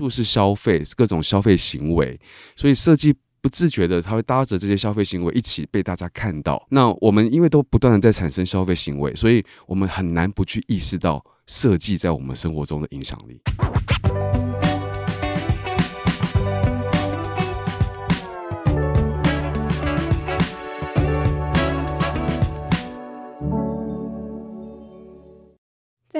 就是消費，各種消費行為，所以設計不自覺的，它會搭着這些消費行為一起被大家看到。那我們因為都不斷的在產生消費行為，所以我們很難不去意識到設計在我們生活中的影響力。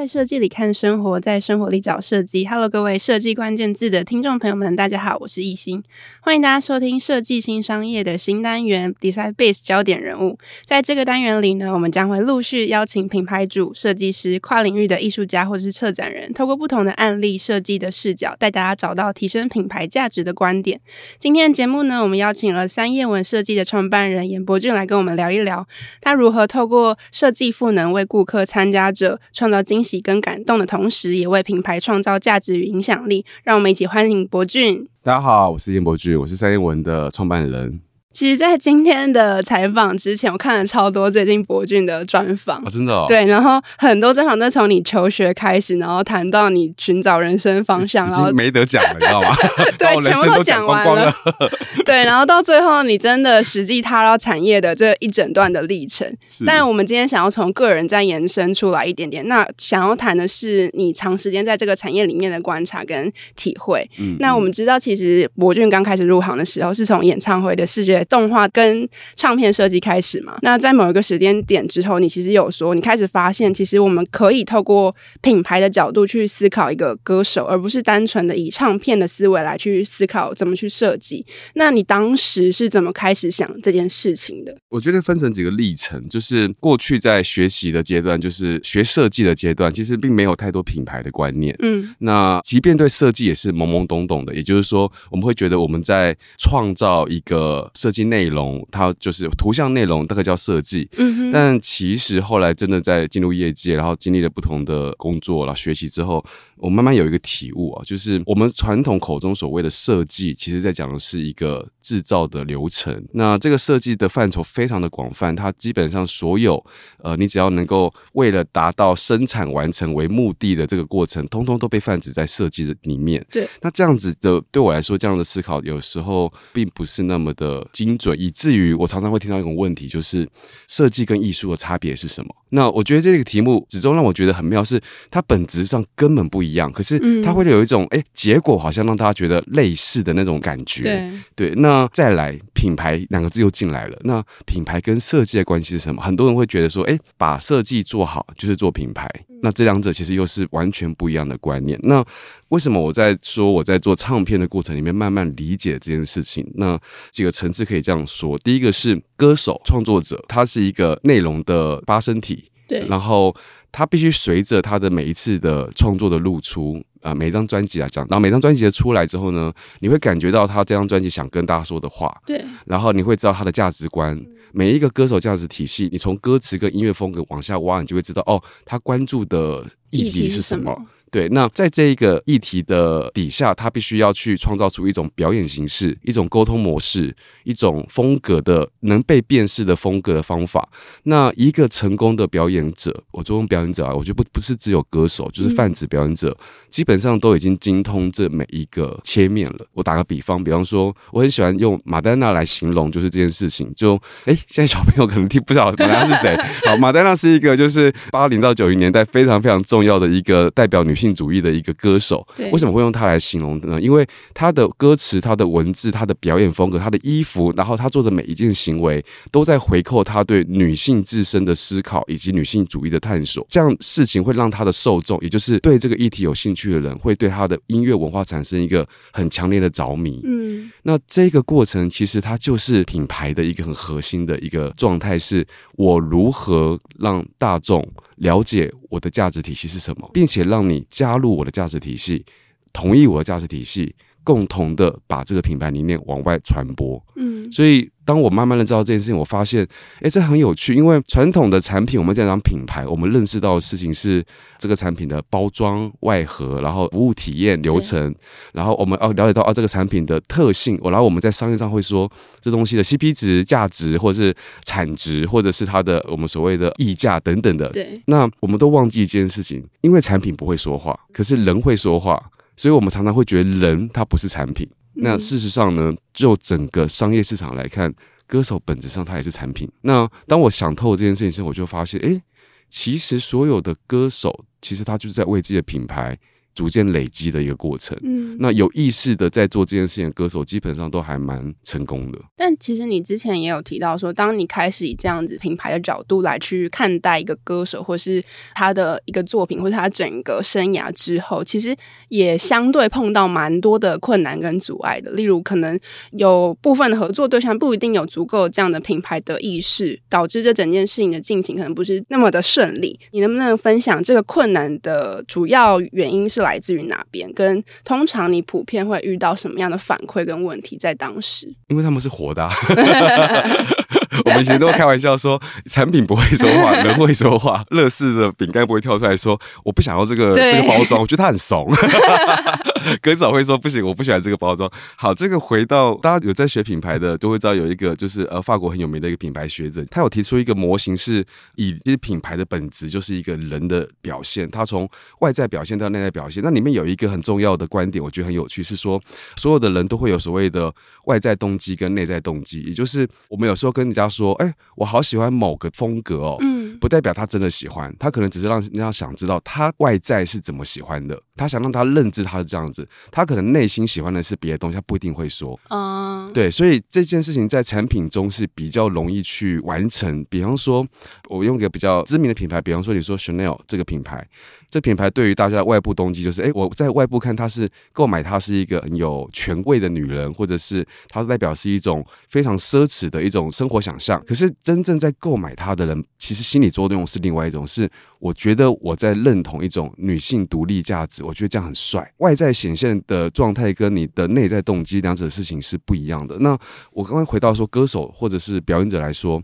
在設計裡看生活，在生活裡找設計。Hello，各位設計關鍵字的聽眾朋友們，大家好，我是易欣，歡迎大家收聽設計新商業的新單元 DesignBIZ 焦點人物。在這個單元裡呢，我們將會陸續邀請品牌主、設計師、跨領域的藝術家或是策展人，透過不同的案例、設計的視角，帶大家找到提升品牌價值的觀點。今天的節目呢，我們邀請了三頁文設計的創辦人顏伯駿來跟我們聊一聊，他如何透過設計賦能，為顧客、參加者創造驚喜。喜跟感動的同時，也為品牌創造價值與影響力。讓我們一起歡迎伯駿。大家好，我是顏伯駿，我是三頁文的創辦人。其實，在今天的採訪之前，我看了超多最近伯駿的專訪、啊，真的、哦，對，然後很多專訪都從你求學開始，然後談到你尋找人生方向，然後已經沒得講了， 你知道嗎？ 對，我人生都講光光了，全部都講完了。 對，然後到最後，你真的實際踏入產業的這一整段的歷程是。但我們今天想要從個人再延伸出來一點點，那想要談的是你長時間在這個產業裡面的觀察跟體會。嗯，那我們知道，其實伯駿剛開始入行的時候，嗯、是從演唱會的視覺動畫跟唱片設計開始嘛？那在某一個時間點之後，你其實有說你開始發現，其實我們可以透過品牌的角度去思考一個歌手，而不是單純的以唱片的思維來去思考怎麼去設計。那你當時是怎麼開始想這件事情的？我覺得分成幾個歷程，就是過去在學習的階段，就是學設計的階段，其實並沒有太多品牌的觀念。嗯，那即便對設計也是懵懵懂懂的，也就是說，我們會覺得我們在創造一個設設計內容，它就是圖像內容，大概叫設計。嗯，但其實後來真的在進入業界，然後經歷了不同的工作了學習之後，我慢慢有一個體悟啊，就是我們傳統口中所謂的設計，其實在講的是一個。製造的流程，那這個設計的範疇非常的廣泛，它基本上所有，呃，你只要能夠為了達到生產完成為目的的這個過程，通通都被泛指在設計的裡面。對，那這樣子的對我來說，這樣的思考有時候並不是那麼的精準，以至於我常常會聽到一種問題，就是設計跟藝術的差別是什麼？那我覺得這個題目始終讓我覺得很妙，是它本質上根本不一樣，可是它會有一種哎、嗯，結果好像讓大家覺得類似的那種感覺。對，對那。那再來品牌兩個字又進來了。那品牌跟設計的關係是什麼？很多人會覺得說，哎、欸，把設計做好就是做品牌。那這兩者其實又是完全不一樣的觀念。那為什麼我在說，我在做唱片的過程裡面慢慢理解這件事情？那幾個層次可以這樣說：第一個是歌手創作者，他是一個內容的發聲體，對。然後他必須隨着他的每一次的創作的露出。呃，每一張專輯來講，啊，然後每張專輯的出來之後呢，你會感覺到他這張專輯想跟大家說的話，對。然後你會知道他的價值觀，每一個歌手價值體系，你從歌詞跟音樂風格往下挖，你就會知道哦，他關注的議題是什麼。對，那在這一個議題的底下，他必須要去創造出一種表演形式、一種溝通模式、一種風格的能被辨識的風格的方法。那一個成功的表演者，我作為表演者啊，我覺得不不是只有歌手，就是泛指表演者，嗯，基本上都已經精通這每一個切面了。我打個比方，比方說，我很喜歡用馬丹娜來形容，就是這件事情。就哎，現在小朋友可能聽不知道馬丹娜是誰？ 好，馬丹娜是一個就是八零到九零年代非常非常重要的一個代表女性。女性主義的一個歌手，為什麼會用它來形容呢？因為他的歌詞、他的文字、他的表演風格、他的衣服，然後他做的每一件行為，都在回扣他對女性自身的思考以及女性主義的探索。這樣事情會讓他的受眾，也就是對這個議題有興趣的人，會對他的音樂文化產生一個很強烈的着迷。嗯，那這個過程其實它就是品牌的一個很核心的一個狀態，是我如何讓大眾了解我的價值體系是什麼，並且讓你加入我的價值體系，同意我的價值體系。共同的把這個品牌理念往外傳播，嗯，所以當我慢慢的知道這件事情，我發現，哎，這很有趣，因為傳統的產品我們在講品牌，我們認識到的事情是這個產品的包裝外盒，然後服務體驗流程，然後我們要了解到哦、啊、這個產品的特性，我然後我們在商業上會說這東西的 CP 值、價值或者是產值，或者是它的我們所謂的溢價等等的，對，那我們都忘記一件事情，因為產品不會說話，可是人會說話。所以，我們常常會覺得人他不是產品。那事實上呢，就整個商業市場來看，歌手本質上他也是產品。那當我想透這件事情時，我就發現，哎、欸，其實所有的歌手，其實他就是在為自己的品牌。逐漸累積的一個過程。嗯，那有意識的在做這件事情的歌手，基本上都還蠻成功的。但其實你之前也有提到說，當你開始以這樣子品牌的角度來去看待一個歌手，或是他的一個作品，或是他整個生涯之後，其實也相對碰到蠻多的困難跟阻礙的。例如，可能有部分合作對象不一定有足夠這樣的品牌的意識，導致這整件事情的進行可能不是那麼的順利。你能不能分享這個困難的主要原因是？是來自於哪邊？跟通常你普遍會遇到什麼樣的反饋跟問題？在當時，因為他們是活的、啊， 我們以前都開玩笑說，產品不會說話， 人會說話。樂事的餅乾不會跳出來說，我不想要這個這個包裝，我覺得他很慫。 很早會說不行，我不喜歡這個包裝。好，這個回到大家有在學品牌的，都會知道有一個就是呃法國很有名的一個品牌學者，他有提出一個模型，是以品牌的本質就是一個人的表現。他從外在表現到內在表現，那裡面有一個很重要的觀點，我覺得很有趣，是說所有的人都會有所謂的外在動機跟內在動機，也就是我們有時候跟人家說，哎，我好喜歡某個風格哦、喔嗯。不代表他真的喜歡，他可能只是讓人家想知道他外在是怎麼喜歡的。他想讓他認知他是這樣子，他可能內心喜歡的是別的東西，他不一定會說。啊、uh...。對，所以這件事情在產品中是比較容易去完成。比方說，我用一個比較知名的品牌，比方說你說 Chanel 這個品牌，這品牌對於大家的外部動機就是，哎，我在外部看它是購買它是一個很有權貴的女人，或者是它代表是一種非常奢侈的一種生活想象。可是真正在購買它的人，其實心裡。作用是另外一種，是我覺得我在認同一種女性獨立價值，我覺得這樣很帥。外在顯現的狀態跟你的內在動機兩者的事情是不一樣的。那我剛剛回到說，歌手或者是表演者來說。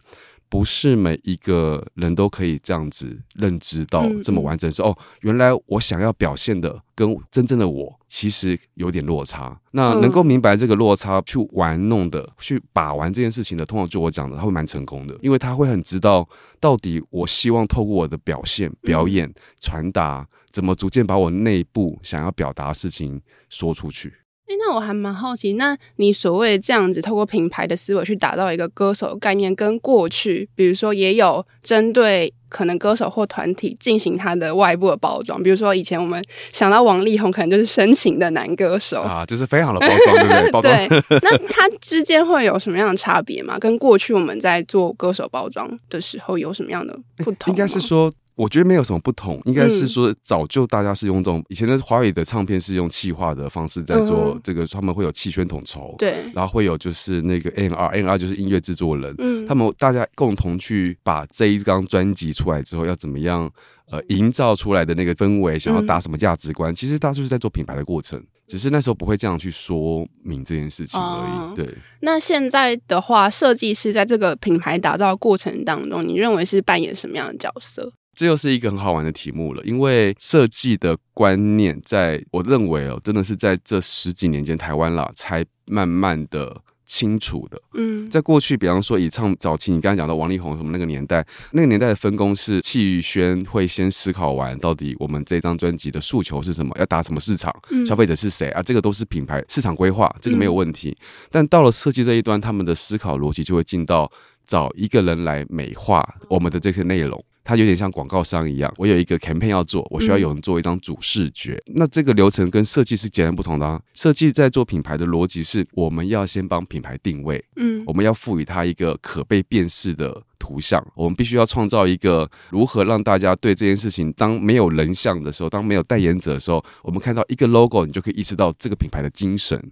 不是每一個人都可以這樣子認知到這麼完整，說哦，原來我想要表現的跟真正的我其實有點落差。那能夠明白這個落差，去玩弄的，去把玩這件事情的，通常就我講的，他會蠻成功的，因為他會很知道到底我希望透過我的表現、表演、傳達，怎麼逐漸把我內部想要表達的事情說出去。哎，那我還蠻好奇，那你所謂這樣子透過品牌的思維去打造一個歌手概念，跟過去比如說也有針對可能歌手或團體進行他的外部的包裝，比如說以前我們想到王力宏，可能就是深情的男歌手啊，這，就是非常的包裝，對 對。 那它之間會有什麼樣的差別嗎？跟過去我們在做歌手包裝的時候有什麼樣的不同？應該是說。我覺得沒有什麼不同，應該是說早就大家是用這種、嗯、以前的華語的唱片是用企劃的方式在做這個，嗯、他們會有企宣統籌，對，然後會有就是那個 NR NR 就是音樂制作人，嗯，他們大家共同去把這一張專輯出來之後要怎麼樣呃營造出來的那個氛圍，想要打什麼價值觀、嗯，其實大家就是在做品牌的過程，只是那時候不會這樣去說明這件事情而已。啊、對。那現在的話，設計師在這個品牌打造過程當中，你認為是扮演什麼樣的角色？這又是一個很好玩的題目了，因為設計的觀念，在我認為哦，真的是在這十幾年間，台灣了才慢慢的清楚的。嗯，在過去，比方說以唱早期，你剛剛講到王力宏什麼那個年代，那個年代的分工是企宣會先思考完到底我們這張專輯的訴求是什麼，要打什麼市場，嗯、消費者是誰啊，這個都是品牌市場規劃，這個沒有問題。嗯、但到了設計這一端，他們的思考邏輯就會進到找一個人來美化我們的這些內容。它有點像廣告商一樣，我有一個 campaign 要做，我需要有人做一張主視覺。嗯、那這個流程跟設計是截然不同的啊。設計在做品牌的邏輯是，我們要先幫品牌定位，嗯，我們要賦予它一個可被辨識的圖像。我們必須要創造一個如何讓大家對這件事情，當沒有人像的時候，當沒有代言者的時候，我們看到一個 logo，你就可以意識到這個品牌的精神。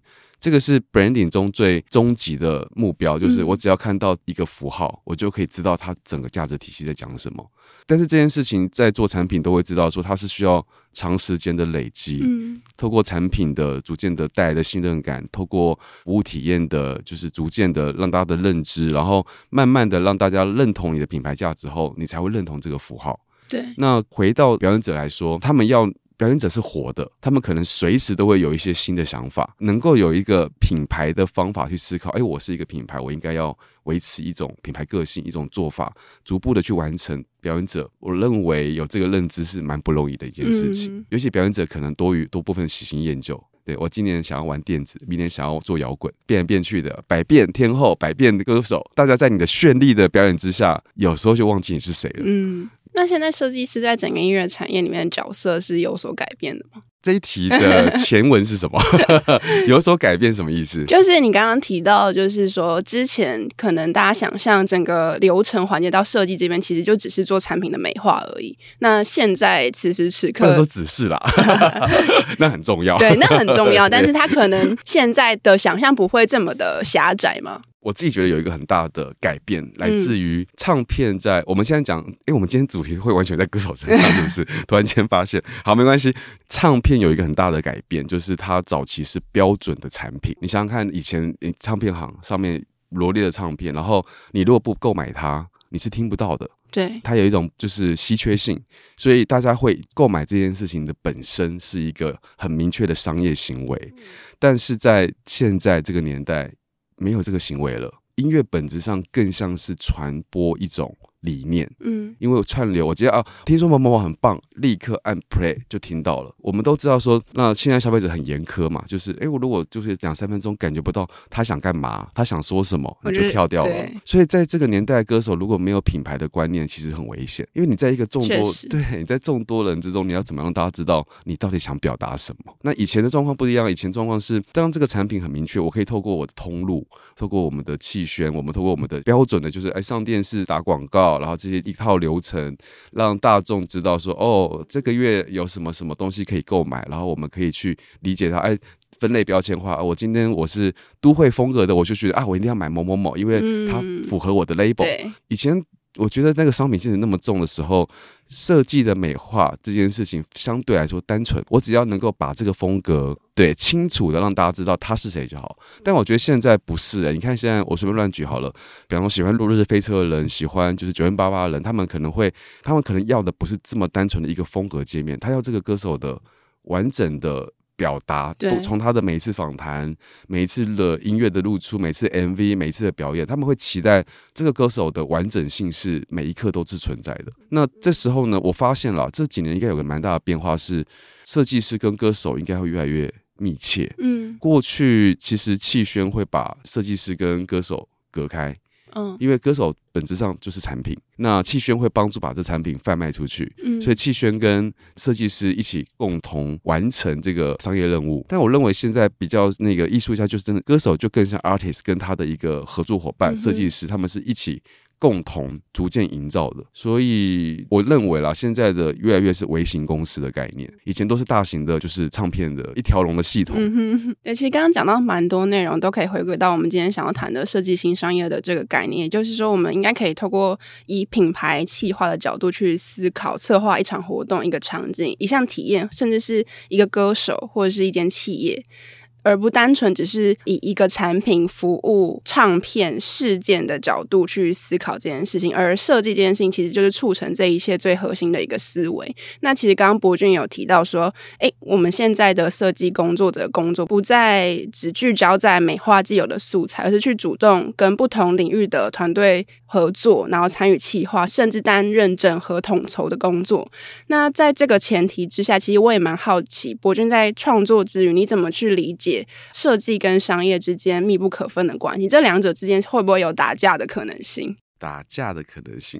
這個是 Branding 中最終極的目標，就是我只要看到一個符號，嗯,我就可以知道它整個價值體系在講什麼。但是這件事情在做產品都會知道，說它是需要長時間的累積，嗯，透過產品的逐漸的帶來的信任感，透過服務體驗的，就是逐漸的讓大家的認知，然後慢慢的讓大家認同你的品牌價值後，你才會認同這個符號。對。那回到表演者來說，他們要。表演者是活的，他們可能隨時都會有一些新的想法，能夠有一個品牌的方法去思考。哎，我是一個品牌，我應該要維持一種品牌個性、一種做法，逐步的去完成表演者。我認為有這個認知是蠻不容易的一件事情，嗯，尤其表演者可能多於多部分喜新厭舊。對，我今年想要玩電子，明年想要做搖滾，變來變去的百變天後、百變歌手，大家在你的絢麗的表演之下，有時候就忘記你是誰了。嗯。那現在設計師在整個音樂產業裡面的角色是有所改變的嗎？這一題的前文是什麼？ 有所改變什麼意思？就是你剛剛提到，就是說之前可能大家想象整個流程環節到設計這邊，其實就只是做產品的美化而已。那現在此時此刻不能說只是啦， 那很重要。對，那很重要。 但是他可能現在的想象不會這麼的狹窄嗎？我自己覺得有一個很大的改變來自於唱片在，在、嗯、我們現在講，哎、欸，我們今天主題會完全在歌手身上，就是不是？突然間發現， 好，沒關係。唱片有一個很大的改變，就是它早期是標準的產品。你想想看，以前唱片行上面羅列的唱片，然後你如果不購買它，你是聽不到的。對，它有一種就是稀缺性，所以大家會購買這件事情的本身是一個很明確的商業行為。但是在現在這個年代。沒有這個行為了，音樂本質上更像是傳播一種。理念，嗯，因為我串流，我直接啊，聽說某某某很棒，立刻按 play 就聽到了。我們都知道說，那現在消費者很嚴苛嘛，就是，哎、欸，我如果就是兩三分鐘感覺不到他想幹嘛，他想說什麼，那就跳掉了。所以在這個年代，歌手如果沒有品牌的觀念，其實很危險，因為你在一個眾多，對，你在眾多人之中，你要怎麼樣讓大家知道你到底想表達什麼？那以前的狀況不一樣，以前狀況是，當這個產品很明確，我可以透過我的通路，透過我們的企宣，我們透過我們的標準的，就是，哎、欸，上電視打廣告。然後這些一套流程，讓大眾知道說，哦，這個月有什麼什麼東西可以購買，然後我們可以去理解它。哎，分類標籤化，我今天我是都會風格的，我就覺得啊，我一定要買某某某，因為它符合我的 label、嗯。以前。我覺得那個商品精神那麼重的時候，設計的美化這件事情相對來說單純。我只要能夠把這個風格對清楚的讓大家知道他是誰就好。但我覺得現在不是、欸，你看現在我隨便亂舉好了，比方說喜歡《落日飛車》的人，喜歡就是 9m88 的人，他們可能會，他們可能要的不是這麼單純的一個風格界面，他要這個歌手的完整的。表達，從他的每一次訪談、每一次的音樂的露出、每次 MV、每一次的表演，他們會期待這個歌手的完整性是每一刻都是存在的。那這時候呢，我發現了這幾年應該有個蠻大的變化是，是設計師跟歌手應該會越來越密切。嗯，過去其實企宣會把設計師跟歌手隔開。嗯，因為歌手本質上就是產品，那企宣會幫助把這產品販賣出去，嗯，所以企宣跟設計師一起共同完成這個商業任務。但我認為現在比較那個藝術家就是真的歌手，就更像 artist 跟他的一個合作夥伴設計師，他們是一起。共同逐漸營造的，所以我認為啦，現在的越來越是微型公司的概念，以前都是大型的，就是唱片的一條龍的系統。嗯對，其實剛剛講到蠻多內容，都可以回歸到我們今天想要談的設計新商業的這個概念，也就是說，我們應該可以透過以品牌企劃的角度去思考、策劃一場活動、一個場景、一項體驗，甚至是一個歌手或者是一間企業。而不單純只是以一個產品、服務、唱片、事件的角度去思考這件事情，而設計這件事情其實就是促成這一切最核心的一個思維。那其實剛剛伯駿有提到說，哎，我們現在的設計工作者的工作不再只聚焦在美化既有的素材，而是去主動跟不同領域的團隊合作，然後參與企劃，甚至擔任整合統籌的工作。那在這個前提之下，其實我也蠻好奇，伯駿在創作之餘，你怎麼去理解？設計跟商業之間密不可分的關係，這兩者之間會不會有打架的可能性？打架的可能性，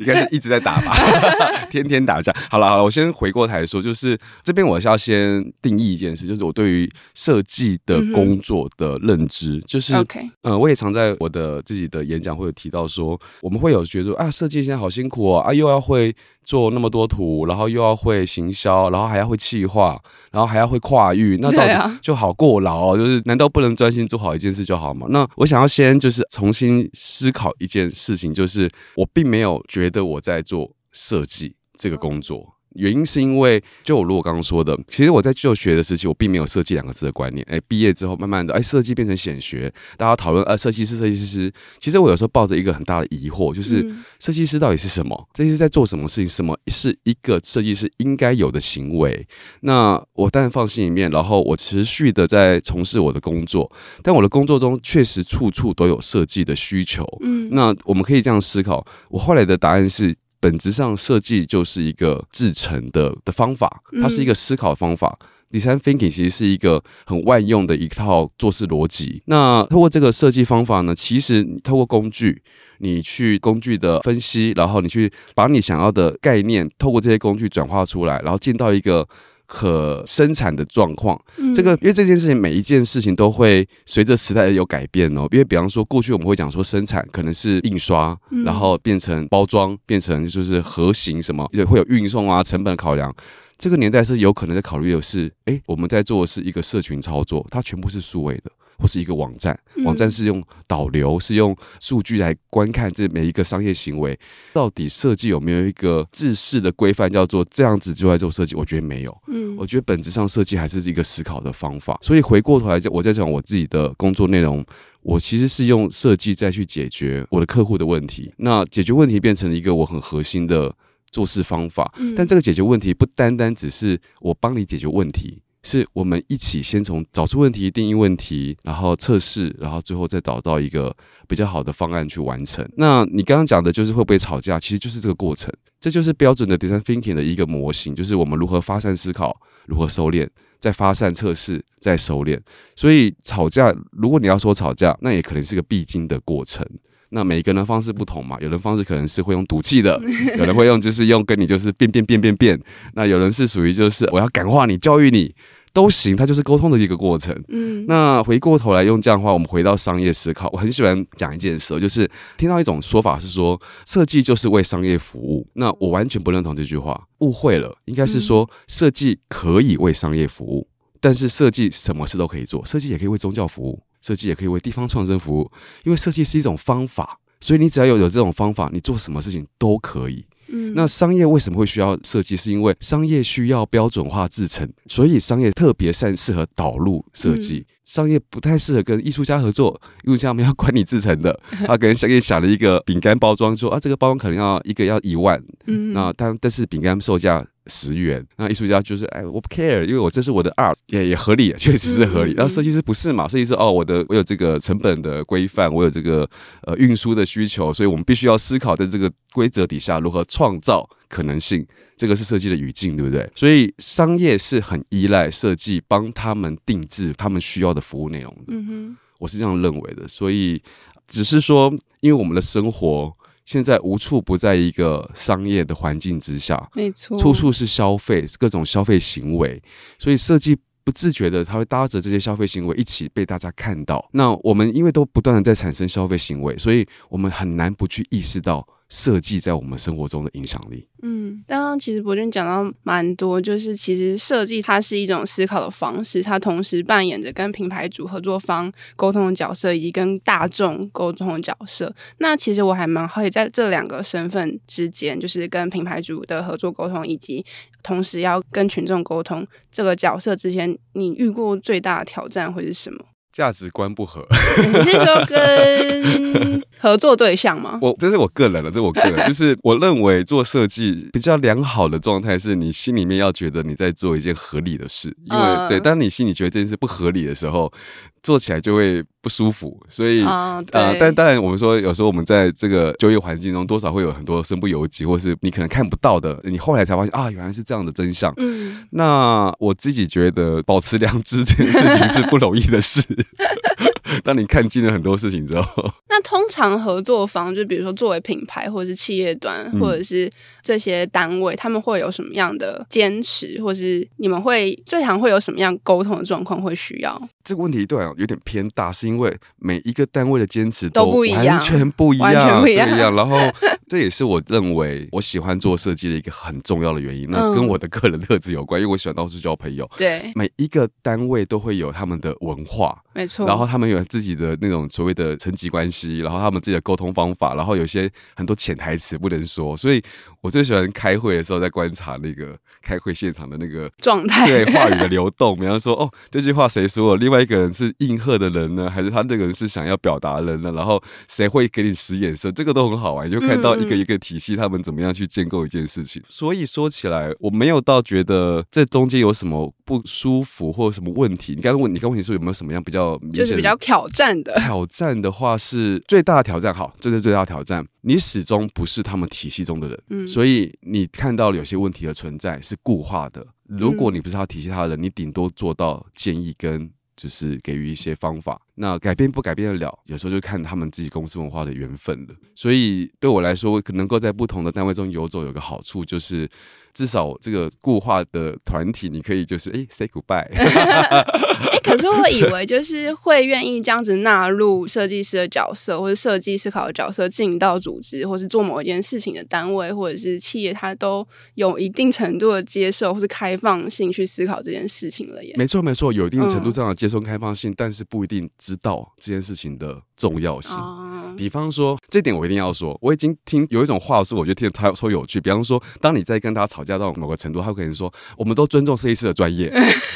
應 該是一直在打吧， 天天打架。好了好了，我先回過頭說，就是這邊我是要先定義一件事，就是我對於設計的工作的認知，嗯、就是 OK，、呃、我也常在我的自己的演講會有提到說，我們會有覺得說啊，設計現在好辛苦哦，啊，又要會做那麼多圖，然後又要會行銷，然後還要會企劃。然後還要會跨域，那到底就好過勞、哦，對啊？就是難道不能專心做好一件事就好嗎？那我想要先就是重新思考一件事情，就是我並沒有覺得我在做設計這個工作。嗯原因是因為，就我如我剛剛說的，其實我在就學的時期，我並沒有設計兩個字的觀念。誒、欸，畢業之後，慢慢的，誒、欸，設計變成顯學，大家討論，哎、呃，設計師設計師。其實我有時候抱着一個很大的疑惑，就是設計、嗯、師到底是什麼？設計師在做什麼事情？什麼是一個設計師應該有的行為？那我當然放心裡面，然後我持續的在從事我的工作。但我的工作中確實處處都有設計的需求。嗯，那我們可以這樣思考，我後來的答案是。本質上設計就是一個製程的的方法，它是一個思考方法。第、嗯、Design thinking 其實是一個很萬用的一套做事邏輯。那通過這個設計方法呢，其實你透過工具，你去工具的分析，然後你去把你想要的概念，透過這些工具轉化出來，然後進到一個。可生產的狀況，這個因為這件事情，每一件事情都會隨着時代而有改變哦。因為比方說過去我們會講說生產可能是印刷，然後變成包裝，變成就是盒型什麼，也會有運送啊，成本考量。這個年代是有可能在考慮的是，誒，我們在做的是一個社群操作，它全部是數位的。或是一個網站，網站是用導流，嗯，是用數據來觀看這每一個商業行為，到底設計有沒有一個制式的規範，叫做這樣子就在做設計？我覺得沒有，嗯，我覺得本質上設計還是一個思考的方法。所以回過頭來，我再講我自己的工作內容，我其實是用設計再去解決我的客戶的問題。那解決問題變成了一個我很核心的做事方法。嗯、但這個解決問題不單單只是我幫你解決問題。是我們一起先從找出問題、定義問題，然後測試，然後最後再找到一個比較好的方案去完成。那你剛剛講的就是會不會吵架，其實就是這個過程，這就是標準的 design thinking 的一個模型，就是我們如何發散思考，如何收斂，再發散測試，再收斂。所以吵架，如果你要說吵架，那也可能是個必經的過程。那每個人方式不同嘛，有人方式可能是會用賭氣的，可能會用就是用跟你就是變，變變變變變。那有人是屬於就是我要感化你、教育你。都行，它就是溝通的一個過程。嗯，那回過頭來用這樣的話，我們回到商業思考。我很喜歡講一件事，就是聽到一種說法是說，設計就是為商業服務。那我完全不認同這句話，誤會了。應該是說，設計可以為商業服務，但是設計什麼事都可以做。設計也可以為宗教服務，設計也可以為地方創生服務。因為設計是一種方法，所以你只要有有這種方法，你做什麼事情都可以。那商業為什麼會需要設計？是因為商業需要標準化製程，所以商業特別擅適合導入設計。商業不太適合跟藝術家合作，因為像我們要管理製程的，他可能商業想了一個餅乾包裝，說啊，這個包裝可能要一個要一萬，嗯，嗯那，那但但是餅乾售價十元，那藝術家就是哎，我不 care，因為我這是我的 art，也也合理，確實是合理。嗯嗯，然後設計師不是嘛，設計師哦，我的我有這個成本的規範，我有這個呃運輸的需求，所以我們必須要思考在這個規則底下如何創造。可能性，這個是設計的語境，對不對？所以商業是很依賴設計，幫他們定製他們需要的服務內容的。嗯哼，我是這樣認為的。所以只是說，因為我們的生活現在無處不在一個商業的環境之下，沒錯，處處是消費，各種消費行為，所以設計不自覺的，它會搭着這些消費行為一起被大家看到。那我們因為都不斷的在產生消費行為，所以我們很難不去意識到，設計在我們生活中的影響力。嗯，剛剛其實伯駿講到蠻多，就是其實設計它是一種思考的方式，它同時扮演着跟品牌主合作方溝通的角色，以及跟大眾溝通的角色。那其實我還蠻好奇，在這兩個身份之間，就是跟品牌主的合作溝通，以及同時要跟群眾溝通這個角色之前你遇過最大的挑戰會是什麼？價值觀不合， 你是說跟合作對象嗎？ 我這是我個人的，這是我個人，就是我認為做設計比較良好的狀態是你心裡面要覺得你在做一件合理的事，因為對，當你心裡覺得這件事不合理的時候。做起來就會不舒服，所以啊，uh，呃，但當然我們說，有時候我們在這個就業環境中，多少會有很多身不由己，或是你可能看不到的，你後來才發現啊，原來是這樣的真相。嗯，那我自己覺得保持良知這件事情是不容易的事， 當你看盡了很多事情之後。那通常合作方就比如說作為品牌或者是企業端或者是這些單位，他們會有什麼樣的堅持，或是你們會最常會有什麼樣溝通的狀況會需要？這個問題對啊，有點偏大，是因為每一個單位的堅持都不，都不一樣，完全不一樣，完全不一樣。然後 這也是我認為我喜歡做設計的一個很重要的原因。嗯，那跟我的個人特質有關，因為我喜歡到處交朋友。對，每一個單位都會有他們的文化，沒錯。然後他們有自己的那種所謂的層級關係。然後他們自己的溝通方法，然後有些很多潛台詞不能說，所以。我最喜歡開會的時候，在觀察那個開會現場的那個狀態，對話語的流動。比方 說，哦，這句話誰說了？另外一個人是應和的人呢，還是他那個人是想要表達人呢？然後誰會給你使眼色？這個都很好玩，就看到一個一個體系，他們怎麼樣去建構一件事情。嗯。所以說起來，我沒有到覺得這中間有什麼不舒服或者什麼問題。你剛剛問，你剛問題說有沒有什麼樣比較就是比較挑戰的？挑戰的話是最大的挑戰。好，這、就是最大的挑戰。你始終不是他們體系中的人，所以你看到有些問題的存在是固化的。如果你不是他體系他的人，你頂多做到建議跟就是給予一些方法。那改變不改變得了，有時候就看他們自己公司文化的緣分了。所以對我來說，可能夠在不同的單位中游走，有個好處就是，至少這個固化的團體，你可以就是哎、欸，say goodbye。哎、 欸，可是我以為就是會願意這樣子納入設計師的角色，或者設計思考的角色進到組織，或是做某一件事情的單位，或者是企業，它都有一定程度的接受或是開放性去思考這件事情了。也沒錯，沒錯，有一定程度上的接受跟開放性，但是不一定。知道這件事情的。重要性，比方說，這點我一定要說，我已經聽有一種話術，我覺得聽得太有趣。比方說，當你在跟他吵架到某個程度，他會跟你說：“我們都尊重設計師的專業，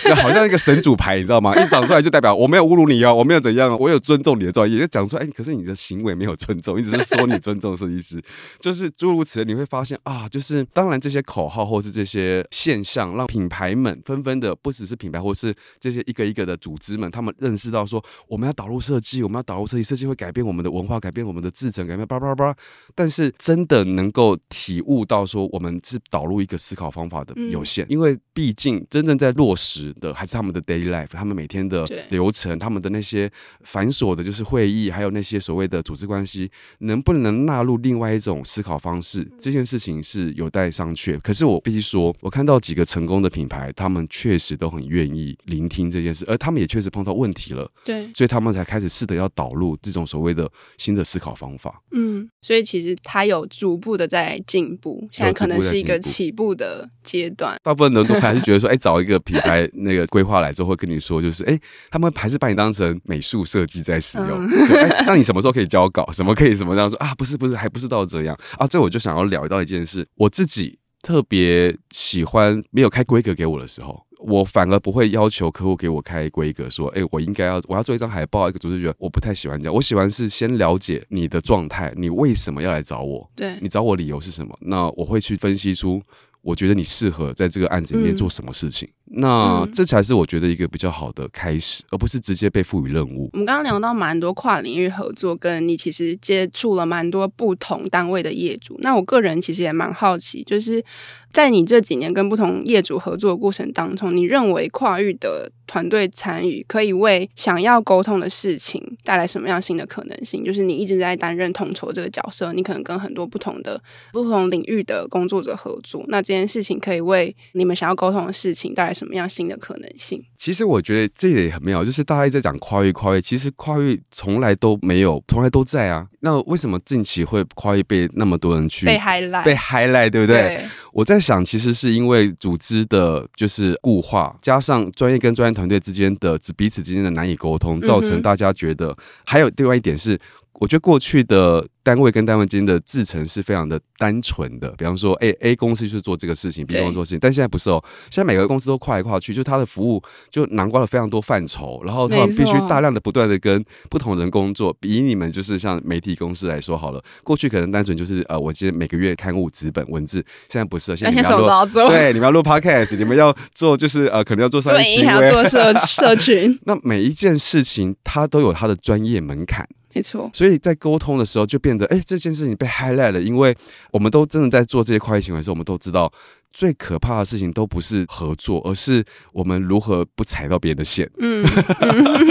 那好像一個神主牌，你知道嗎？一講出來就代表我沒有侮辱你哦，我沒有怎樣，我有尊重你的專業。”就講出來、哎，可是你的行為沒有尊重，你只是說你尊重設計師，就是諸如此類。你會發現啊，就是當然這些口號或是這些現象，讓品牌們紛紛的不只是品牌，或是這些一個一個的組織們，他們認識到說，我們要導入設計，我們要導入設計師。這些會改變我們的文化，改變我們的製程，改變叭叭叭。但是，真的能夠體悟到說，我們是導入一個思考方法的有限。嗯，因為畢竟真正在落實的還是他們的 daily life，他們每天的流程，他們的那些繁瑣的，就是會議，還有那些所謂的組織關係，能不能納入另外一種思考方式，這件事情是有待商榷。可是，我必須說，我看到幾個成功的品牌，他們確實都很願意聆聽這件事，而他們也確實碰到問題了，對，所以他們才開始試着要導入。這種所謂的新的思考方法，嗯，所以其實它有逐步的在進步，現在可能是一個起步的階段。大部分人都還是覺得說，哎、 欸，找一個品牌那個規劃來之後會跟你說，就是哎、欸，他們還是把你當成美術設計在使用。那、 欸、你什麼時候可以交稿？什麼可以什麼這樣說啊？不是不是，還不是到這樣啊？這我就想要聊到一件事，我自己特別喜歡沒有開規格給我的時候。我反而不會要求客戶給我開規格，說，哎、欸，我應該要，我要做一張海報。一個主是覺得我不太喜歡這樣，我喜歡是先了解你的狀態，你為什麼要來找我？對，你找我理由是什麼？那我會去分析出，我覺得你適合在這個案子裡面做什麼事情，嗯。那這才是我覺得一個比較好的開始，嗯，而不是直接被賦予任務。我們剛剛聊到蠻多跨領域合作，跟你其實接觸了蠻多不同單位的業主。那我個人其實也蠻好奇，就是。在你這幾年跟不同業主合作的過程當中，你認為跨域的團隊參與可以為想要溝通的事情帶來什麼樣新的可能性？就是你一直在擔任統籌這個角色，你可能跟很多不同的不同領域的工作者合作，那這件事情可以為你們想要溝通的事情帶來什麼樣新的可能性？其實我覺得這也很妙，就是大家一直在講跨域，跨域其實跨域從來都沒有，從來都在啊。那為什麼近期會跨域被那麼多人去被 highlight 被 highlight 對不對？對我在想，其實是因為組織的就是固化，加上專業跟專業團隊之間的彼此之間的難以溝通，造成大家覺得。還有另外一點是，我覺得過去的。單位跟單位之間的制程是非常的單純的，比方說，哎，A 公司就是做這個事情，B 公司做事情，但現在不是哦，現在每個公司都跨來跨去，就它的服務就囊括了非常多範疇，然後他們必須大量的不斷的跟不同人工作。以你們就是像媒體公司來說好了，過去可能單純就是呃，我今天每個月刊物、紙本、文字，現在不是，現在你們要，要做？對，你們要錄 Podcast， 你們要做就是呃，可能要做商業銀要做社社群， 那每一件事情它都有它的專業門檻。沒錯，所以在溝通的時候就變得，哎、欸，這件事情被 highlight 了，因為我們都真的在做這些跨域行為的時候，我們都知道最可怕的事情都不是合作，而是我們如何不踩到別人的線。嗯，嗯嗯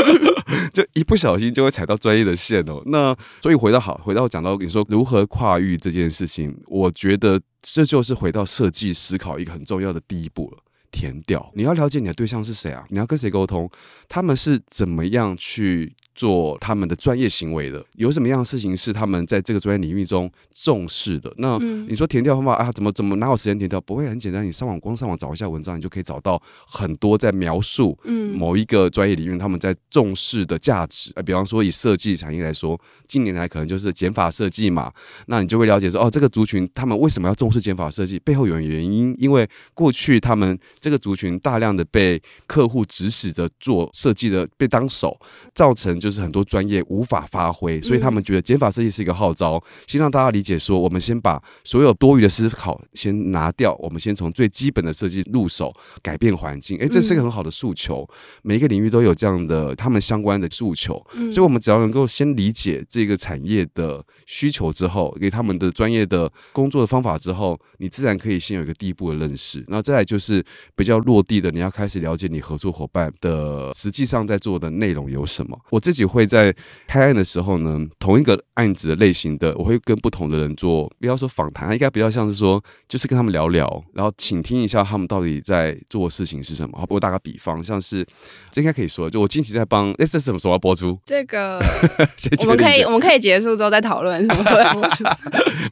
嗯 就一不小心就會踩到專業的線哦。那所以回到好，回到我講到你說如何跨域這件事情，我覺得這就是回到設計思考一個很重要的第一步了。填掉，你要了解你的對象是誰啊？你要跟誰溝通？他們是怎麼樣去？做他們的專業行為的，有什麼樣的事情是他們在這個專業領域中重視的？那你說填掉方法啊，怎麼怎麼哪有時間填掉？不會很簡單，你上網光上網找一下文章，你就可以找到很多在描述某一個專業領域他們在重視的價值。呃，比方說以設計產業來說，近年來可能就是減法設計嘛，那你就會了解說，哦，這個族群他們為什麼要重視減法設計？背後有原因，因為過去他們這個族群大量的被客戶指使着做設計的，被當手，造成。就是很多專業無法發揮，所以他們覺得減法設計是一個號召，嗯，先讓大家理解說，我們先把所有多餘的思考先拿掉，我們先從最基本的設計入手，改變環境。哎、欸，這是一個很好的訴求，嗯，每一個領域都有這樣的他們相關的訴求，嗯，所以我們只要能夠先理解這個產業的需求之後，給他們的專業的工作的方法之後，你自然可以先有一個第一步的認識。然後再來就是比較落地的，你要開始了解你合作夥伴的實際上在做的內容有什麼。我這。自己會在開案的時候呢，同一個案子的類型的，我會跟不同的人做，不要說訪談，應該比較像是說，就是跟他們聊聊，然後傾聽一下他們到底在做的事情是什麼。不過打個比方，像是這應該可以說，就我近期在幫哎、欸，這是什麼時候要播出？這個 我們可以我們可以結束之後再討論什麼時候要播出。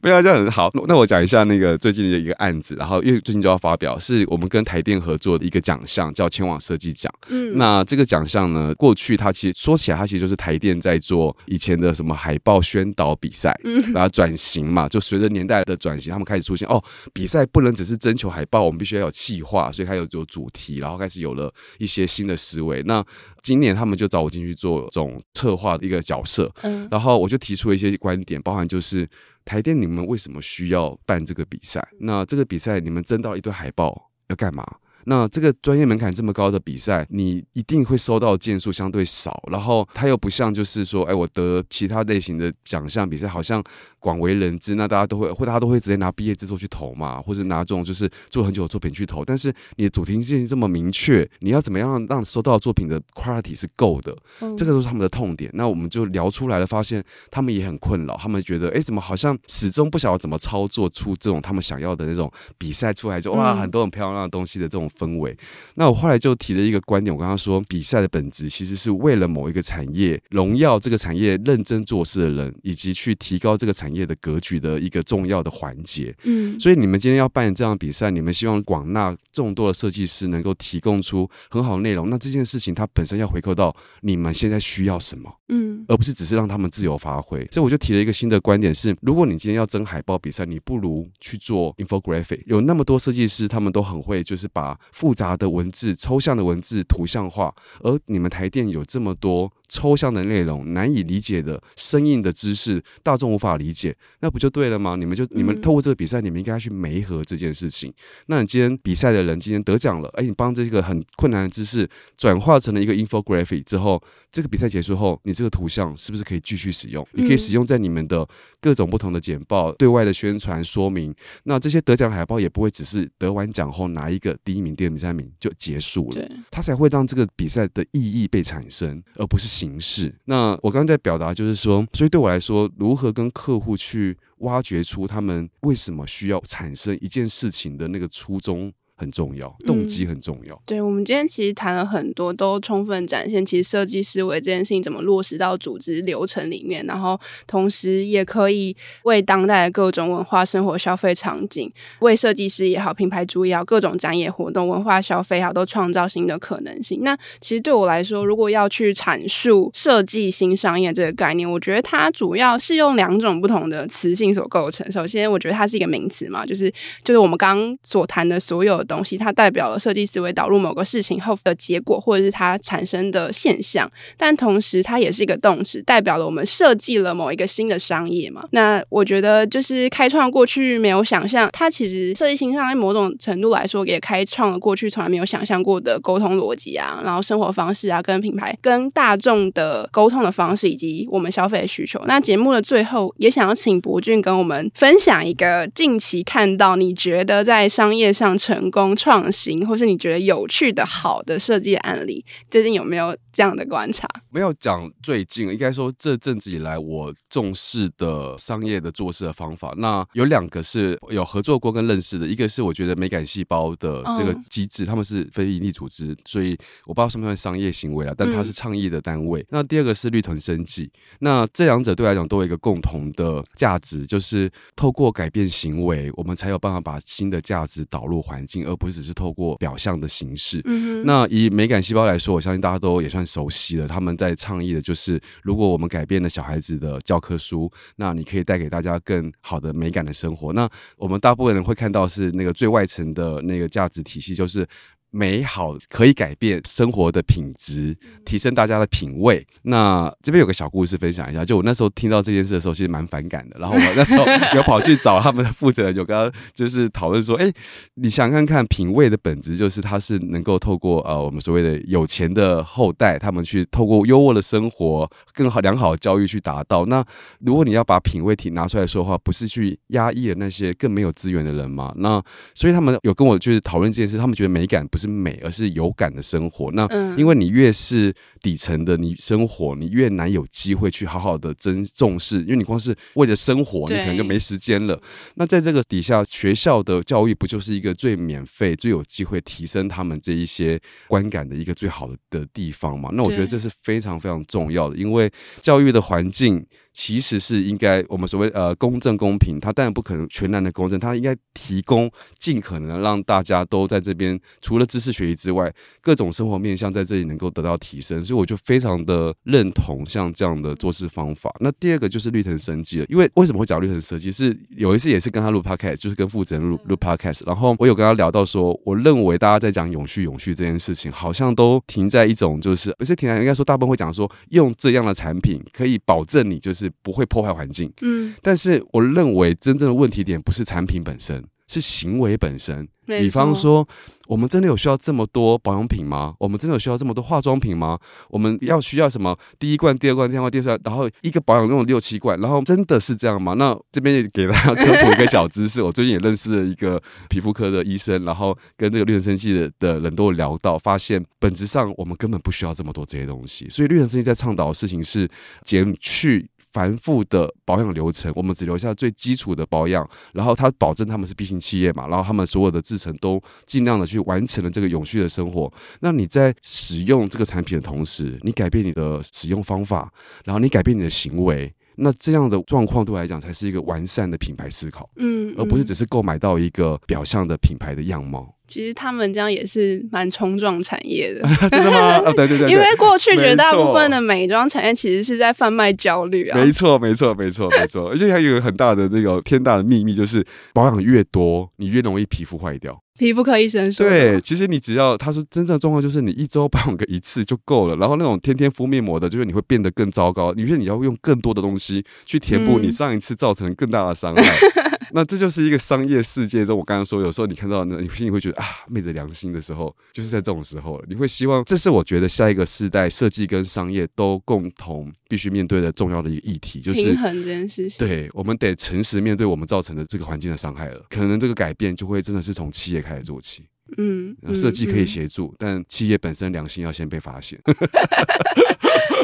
沒有、啊、這樣好，那我講一下那個最近的一個案子，然後因為最近就要發表，是我們跟台電合作的一個獎項，叫前往設計獎。嗯，那這個獎項呢，過去它其實說起來它。其實就是台電在做以前的什麼海報宣導比賽，然後轉型嘛，就隨着年代的轉型，他們開始出現哦，比賽不能只是徵求海報，我們必須要有企劃，所以它有做主題，然後開始有了一些新的思維。那今年他們就找我進去做這種策劃的一個角色，嗯、然後我就提出了一些觀點，包含就是台電你們為什麼需要辦這個比賽？那這個比賽你們徵到一堆海報要幹嘛？那這個專業門檻這麼高的比賽，你一定會收到件數相對少，然後他又不像就是說，哎，我得其他類型的獎項比賽，好像。廣為人知，那大家都會，會大家都會直接拿畢業制作去投嘛，或者拿這種就是做很久的作品去投。但是你的主題性這麼明確，你要怎麼樣讓收到作品的 quality 是夠的？嗯。這個都是他們的痛點。那我們就聊出來了，發現他們也很困擾，他們覺得，哎、欸，怎麼好像始終不曉得怎麼操作出這種他們想要的那種比賽出來，就哇，很多很漂亮的東西的這種氛圍。嗯。那我後來就提了一個觀點，我剛剛說，比賽的本質其實是為了某一個產業，榮耀這個產業，認真做事的人，以及去提高這個產。業的格局的一個重要的環節，嗯，所以你們今天要辦這樣的比賽，你們希望廣納眾多的設計師能夠提供出很好的內容。那這件事情它本身要回扣到你們現在需要什麼，嗯，而不是只是讓他們自由發揮。所以我就提了一個新的觀點是：是如果你今天要徵海報比賽，你不如去做 infographic。有那麼多設計師，他們都很會，就是把複雜的文字、抽象的文字圖像化。而你們台電有這麼多。抽象的內容、難以理解的生硬的知識，大眾無法理解，那不就對了嗎？你們就、嗯、你們透過這個比賽，你們應該去媒合這件事情。那你今天比賽的人今天得獎了，哎、欸，你幫這個很困難的知識轉化成了一個 infographic 之後。這個比賽結束後，你這個圖像是不是可以繼續使用？你可以使用在你們的各種不同的簡報、對外的宣傳說明。那這些得獎海報也不會只是得完獎後拿一個第一名、第二名、第三名就結束了，它才會讓這個比賽的意義被產生，而不是形式。那我剛剛在表達就是說，所以對我來說，如何跟客戶去挖掘出他們為什麼需要產生一件事情的那個初衷？很重要，動機很重要。嗯，對，我們今天其實談了很多，都充分展現其實設計思維這件事情怎麼落實到組織流程裡面，然後同時也可以為當代的各種文化、生活、消費場景，為設計師也好、品牌主也好、各種展演活動、文化消費也好，都創造新的可能性。那其實對我來說，如果要去闡述“設計新商業”這個概念，我覺得它主要是用兩種不同的詞性所構成。首先，我覺得它是一個名詞嘛，就是就是我們剛剛所談的所有。東西它代表了設計思維導入某個事情後的結果，或者是它產生的現象。但同時，它也是一個動詞，代表了我們設計了某一個新的商業嘛？那我覺得就是開創過去沒有想象。它其實設計新商業，在某種程度來說，也開創了過去從來沒有想象過的溝通邏輯啊，然後生活方式啊，跟品牌跟大眾的溝通的方式，以及我們消費的需求。那節目的最後，也想要請伯駿跟我們分享一個近期看到，你覺得在商業上成功。創新，或是你覺得有趣的好的設計的案例，最近有沒有這樣的觀察？沒有講最近，應該說這陣子以來，我重視的商業的做事的方法。那有兩個是有合作過跟認識的，一個是我覺得美感細胞的這個機制，他、哦、們是非營利組織，所以我不知道算不算商業行為了，但它是倡議的單位。嗯、那第二個是綠藤生機，那這兩者對我來講都有一個共同的價值，就是透過改變行為，我們才有辦法把新的價值導入環境。而不是只是透過表象的形式。嗯、那以美感細胞來說，我相信大家都也算熟悉了。他們在倡議的就是，如果我們改變了小孩子的教科書，那你可以帶給大家更好的美感的生活。那我們大部分人會看到是那個最外層的那個價值體系，就是。美好可以改變生活的品質，提升大家的品味。那這邊有個小故事分享一下，就我那時候聽到這件事的時候，其實蠻反感的。然後我那時候有 跑去找他們的負責人，就剛剛就是討論說，哎、欸，你想看看品味的本質，就是他是能夠透過呃我們所謂的有錢的後代，他們去透過優渥的生活、更好良好的教育去達到。那如果你要把品味提拿出來說的話，不是去壓抑了那些更沒有資源的人嗎？那所以他們有跟我就是討論這件事，他們覺得美感不是。是美，而是有感的生活。那因為你越是底層的，你生活、嗯、你越難有機會去好好的真重視，因為你光是為了生活，你可能就沒時間了。那在這個底下，學校的教育不就是一個最免費、最有機會提升他們這一些觀感的一個最好的的地方嗎？那我覺得這是非常非常重要的，因為教育的環境。其實是應該我們所謂呃公正公平，它當然不可能全然的公正，它應該提供盡可能的讓大家都在這邊，除了知識學習之外，各種生活面向在這裡能夠得到提升，所以我就非常的認同像這樣的做事方法。那第二個就是綠藤生機了，因為為什麼會講綠藤生機，是有一次也是跟他錄 podcast，就是跟負責人錄錄 podcast，然後我有跟他聊到說，我認為大家在講永續永續這件事情，好像都停在一種就是不是停在應該說大部分會講說用這樣的產品可以保證你就是。不會破壞環境，嗯，但是我認為真正的問題點不是產品本身，是行為本身。比方說，我們真的有需要這麼多保養品嗎？我們真的有需要這麼多化妝品嗎？我們要需要什麼？第一罐、第二罐、第三罐、第四罐,罐，然後一個保養用了六七罐，然後真的是這樣嗎？那這邊也給大家科普一個小知識。 我最近也認識了一個皮膚科的醫生，然後跟這個綠藤生機的的人都聊到，發現本質上我們根本不需要這麼多這些東西。所以綠藤生機在倡導的事情是減去。繁複的保養流程，我們只留下最基礎的保養。然後他保證他們是 B 型企業嘛，然後他們所有的製程都儘量的去完成了這個永續的生活。那你在使用這個產品的同時，你改變你的使用方法，然後你改變你的行為，那這樣的狀況對我來講才是一個完善的品牌思考，嗯，嗯，而不是只是購買到一個表象的品牌的樣貌。其實他們這樣也是蠻衝撞產業的， 真的嗎？啊、對，對，對對對， 因為過去絕大部分的美妝產業其實是在販賣焦慮啊，沒錯沒錯沒錯沒錯， 而且還有一個很大的那個天大的秘密就是，保養越多，你越容易皮膚壞掉。皮膚科醫生說：“對，其實你只要他說真正的狀況就是你一周保養個一次就夠了，然後那種天天敷面膜的，就是你會變得更糟糕。於是你要用更多的東西去填補、嗯、你上一次造成更大的傷害。 那這就是一個商業世界中，我剛剛說有時候你看到那，你心裡你會覺得啊，昧着良心的時候，就是在這種時候，你會希望這是我覺得下一個世代設計跟商業都共同必須面對的重要的一個議題，就是平衡這件事情。對，我們得誠實面對我們造成的這個環境的傷害了。可能這個改變就會真的是從企業開。”開始做起，嗯，嗯，設計可以協助，但企業本身良心要先被發現。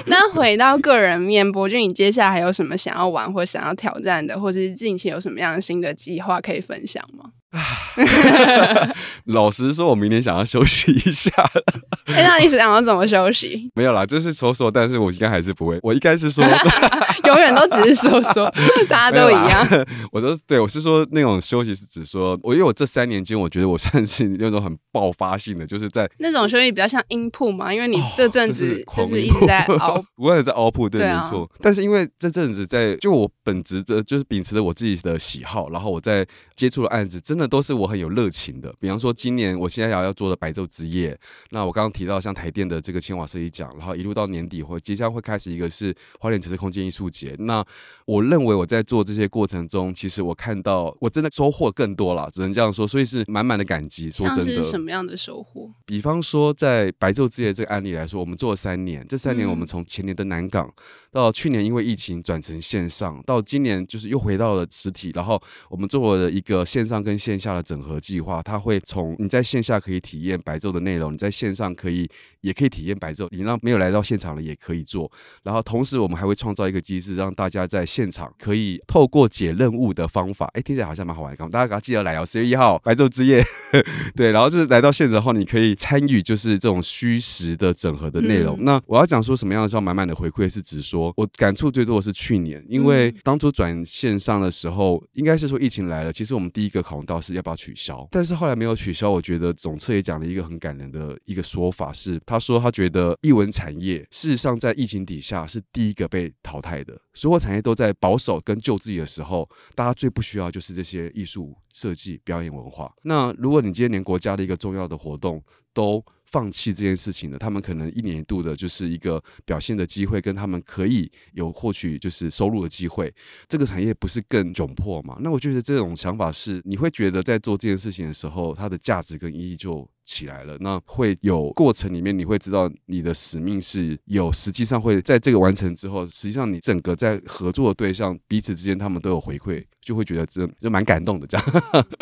那 回到個人面，伯駿， 就你接下來還有什麼想要玩或想要挑戰的，或是近期有什麼樣的新的計劃可以分享嗎？ 老實說，我明天想要休息一下 欸。那你是想要怎麼休息？沒有啦，就是說說，但是我應該還是不會。我應該是說 永遠都只是說說， 大家都一樣。我都對，我是說那種休息是指說，我因為我這三年間，我覺得我算是那種很爆發性的，就是在那種休息比較像 input 嘛，因為你這陣子、哦、這是就是一直在熬，我 也在 output，對、啊，沒錯。但是因為這陣子在，就我本職的就是秉持着我自己的喜好，然後我在接觸的案子，真的。都是我很有熱情的，比方說今年我現在要要做的白晝之夜，那我剛剛提到像台電的這個千瓦設計獎，然後一路到年底會即將會開始一個是花蓮城市空間藝術節，那我認為我在做這些過程中，其實我看到我真的收穫更多了，只能這樣說，所以是滿滿的感激。說真的。是什麼樣的收穫？比方說在白晝之夜這個案例來說，我們做了三年，這三年我們從前年的南港、嗯、到去年因為疫情轉成線上，到今年就是又回到了實體，然後我們做了一個線上跟。線下的整合計劃，它會從你在線下可以體驗白晝的內容，你在線上可以也可以體驗白晝，你讓沒有來到現場的也可以做。然後同時，我們還會創造一個機制，讓大家在現場可以透過解任務的方法，哎，聽起來好像蠻好玩的，大家給他記得來哦，十月一號白晝之夜，呵呵，對。然後就是來到現場後，你可以參與就是這種虛實的整合的內容。嗯、那我要講說什麼樣的時候滿滿的回饋是，是指說我感觸最多的是去年，因為當初轉線上的時候，應該是說疫情來了，其實我們第一個考慮到。是要不要取消？但是後來沒有取消。我覺得總策也講了一個很感人的一個說法，是他說他覺得藝文產業事實上在疫情底下是第一個被淘汰的，所有產業都在保守跟救自己的時候，大家最不需要就是這些藝術設計、表演文化。那如果你今天連國家的一個重要的活動都，放棄這件事情的，他們可能一年一度的就是一個表現的機會，跟他們可以有獲取就是收入的機會，這個產業不是更窘迫嗎？那我覺得這種想法是，你會覺得在做這件事情的時候，它的價值跟意義就。起來了，那會有過程裡面，你會知道你的使命是有，實際上會在這個完成之後，實際上你整個在合作的對象彼此之間，他們都有回饋，就會覺得這就蠻感動的這樣。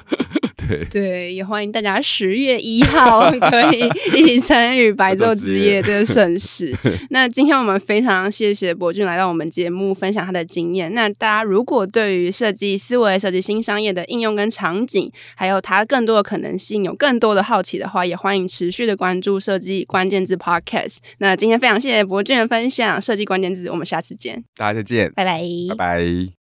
對對，也歡迎大家十月一號可以一起參與白晝之夜的盛事。 那今天我們非常謝謝伯駿來到我們節目分享他的經驗。那大家如果對於設計思維、設計新商業的應用跟場景，還有他更多的可能性，有更多的好奇的話。也歡迎持續的關注設計關鍵字 Podcast。那今天非常謝謝伯駿的分享，設計關鍵字，我們下次見，大家再見，拜拜，拜拜。